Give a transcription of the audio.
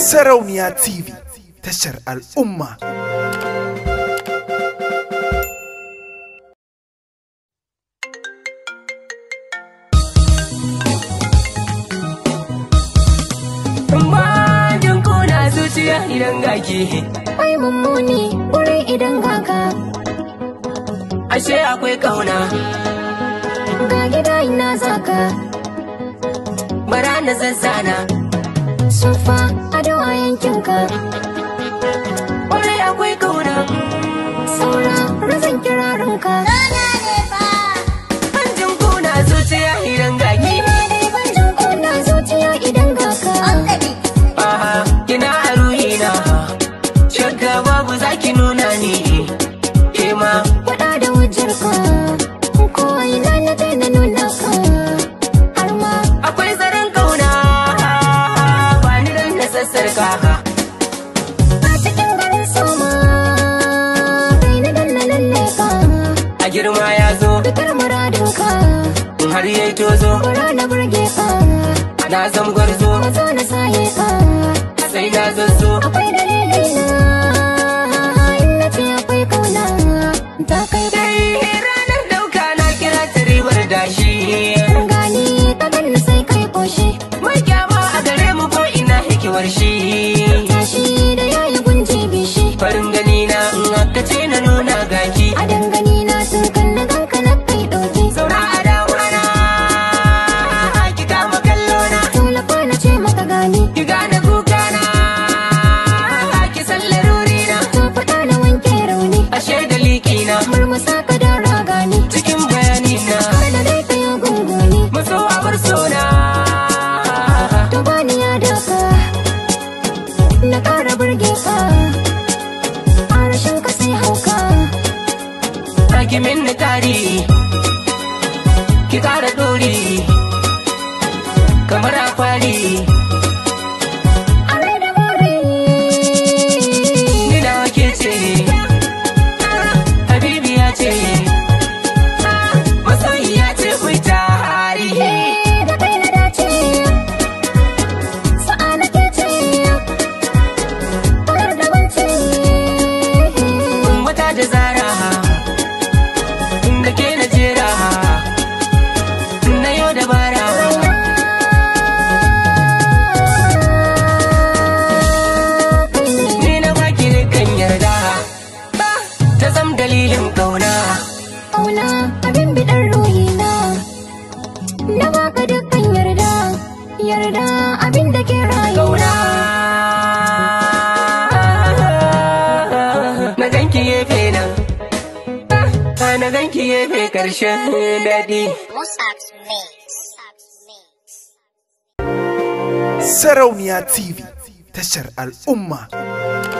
Sarauniya TV tashar al'umma. Majin kuna zuciya idan gaki. Ai mummuni wurin idan gaka. Ashe akwai kauna. Ga gida ina zaka. Bara na zazzana. sufa ado a yankinka har yayi kura na burge na zam gwarzo na saye sai na zazzo akwai dalilai na in na ce akwai kauna ta kai dai ranar dauka na kira ta ribar dashi gani ta ganni sai kai koshi mai gyama a gare mu ko ina hikimar shi tashi da yayi gunji bishi farin gani na in aka ce na mu saka don raga cikin bayani na kada dai ka gunguni maso a bar sona to bani ya daka na kara burge ka a rashin ka hauka rage min na ki kara dori تزم دليل قولا قولا أبين بدر روحينا نبا قدقا يردا يردا أبين دكي رايينا قولا مزنكي يفينا أنا ذنكي يفي كرشة دادي موسعبس مي تشر الامه